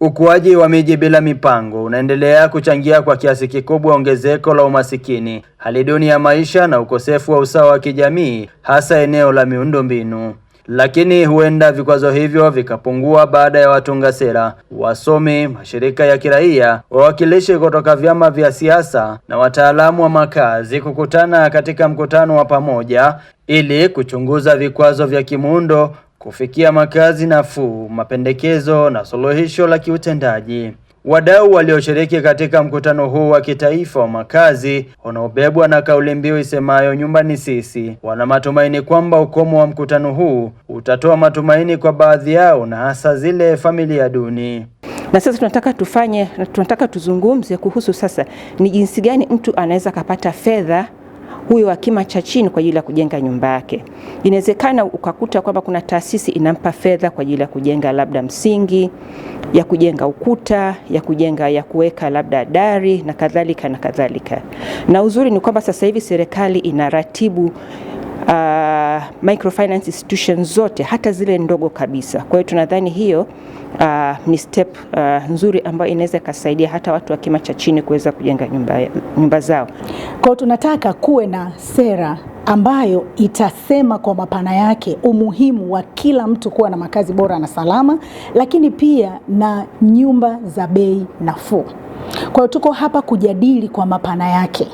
Ukuaji wa miji bila mipango unaendelea kuchangia kwa kiasi kikubwa ongezeko la umasikini, hali duni ya maisha na ukosefu wa usawa wa kijamii, hasa eneo la miundombinu. Lakini huenda vikwazo hivyo vikapungua baada ya watunga sera, wasomi, mashirika ya kiraia, wawakilishi kutoka vyama vya siasa na wataalamu wa makazi kukutana katika mkutano wa pamoja ili kuchunguza vikwazo vya kimuundo kufikia makazi nafuu, mapendekezo na suluhisho la kiutendaji. Wadau walioshiriki katika mkutano huu wa kitaifa wa makazi unaobebwa na kauli mbiu isemayo nyumba ni sisi, wana matumaini kwamba ukomo wa mkutano huu utatoa matumaini kwa baadhi yao na hasa zile familia duni. Na sasa tunataka tufanye, tunataka tuzungumze kuhusu sasa ni jinsi gani mtu anaweza akapata fedha huyo wa kima cha chini kwa ajili ya kujenga nyumba yake. Inawezekana ukakuta kwamba kuna taasisi inampa fedha kwa ajili ya kujenga labda msingi, ya kujenga ukuta, ya kujenga ya kuweka labda dari na kadhalika na kadhalika. Na uzuri ni kwamba sasa hivi serikali inaratibu uh, microfinance institutions zote hata zile ndogo kabisa. Kwa hiyo tunadhani hiyo uh, ni step uh, nzuri ambayo inaweza ikasaidia hata watu wa kima cha chini kuweza kujenga nyumba, nyumba zao. Kwa hiyo tunataka kuwe na sera ambayo itasema kwa mapana yake umuhimu wa kila mtu kuwa na makazi bora na salama, lakini pia na nyumba za bei nafuu. Kwa hiyo tuko hapa kujadili kwa mapana yake,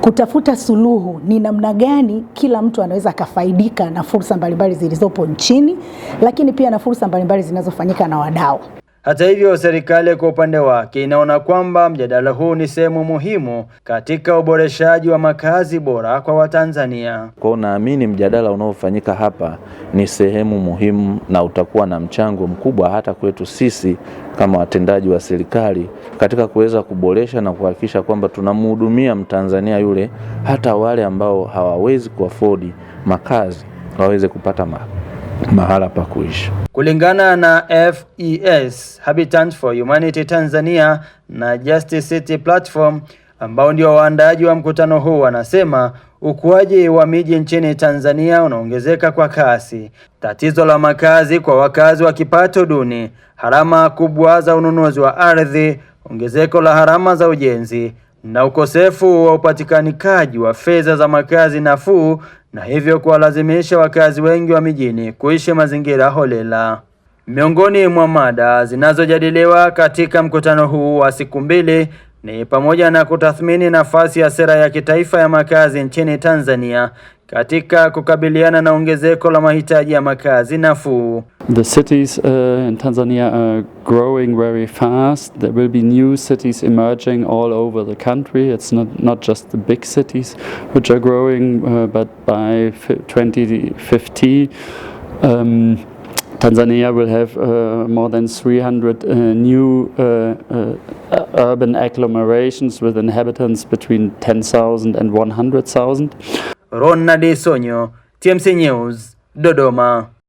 kutafuta suluhu ni namna gani kila mtu anaweza akafaidika na fursa mbalimbali zilizopo nchini, lakini pia na fursa mbalimbali zinazofanyika na wadau. Hata hivyo, serikali kwa upande wake inaona kwamba mjadala huu ni sehemu muhimu katika uboreshaji wa makazi bora kwa Watanzania. Kwao naamini mjadala unaofanyika hapa ni sehemu muhimu na utakuwa na mchango mkubwa hata kwetu sisi kama watendaji wa serikali katika kuweza kuboresha na kuhakikisha kwamba tunamhudumia Mtanzania yule hata wale ambao hawawezi kuafodi makazi waweze kupata makazi mahala pa kuishi. Kulingana na FES Habitat for Humanity Tanzania na Justice City Platform ambao ndio waandaaji wa mkutano huu wanasema ukuaji wa miji nchini Tanzania unaongezeka kwa kasi. Tatizo la makazi kwa wakazi wa kipato duni, harama kubwa za ununuzi wa ardhi, ongezeko la harama za ujenzi na ukosefu wa upatikanikaji wa fedha za makazi nafuu na hivyo kuwalazimisha wakazi wengi wa mijini kuishi mazingira holela. Miongoni mwa mada zinazojadiliwa katika mkutano huu wa siku mbili ni pamoja na kutathmini nafasi ya sera ya kitaifa ya makazi nchini Tanzania katika kukabiliana na ongezeko la mahitaji ya makazi nafuu. The cities uh, in Tanzania are growing very fast. There will be new cities emerging all over the country. It's not, not just the big cities which are growing, uh, but by 2050 um, Tanzania will have uh, more than 300 uh, new uh, uh, urban agglomerations with inhabitants between 10,000 and 100,000. Ronald Sonyo, TMC News, Dodoma.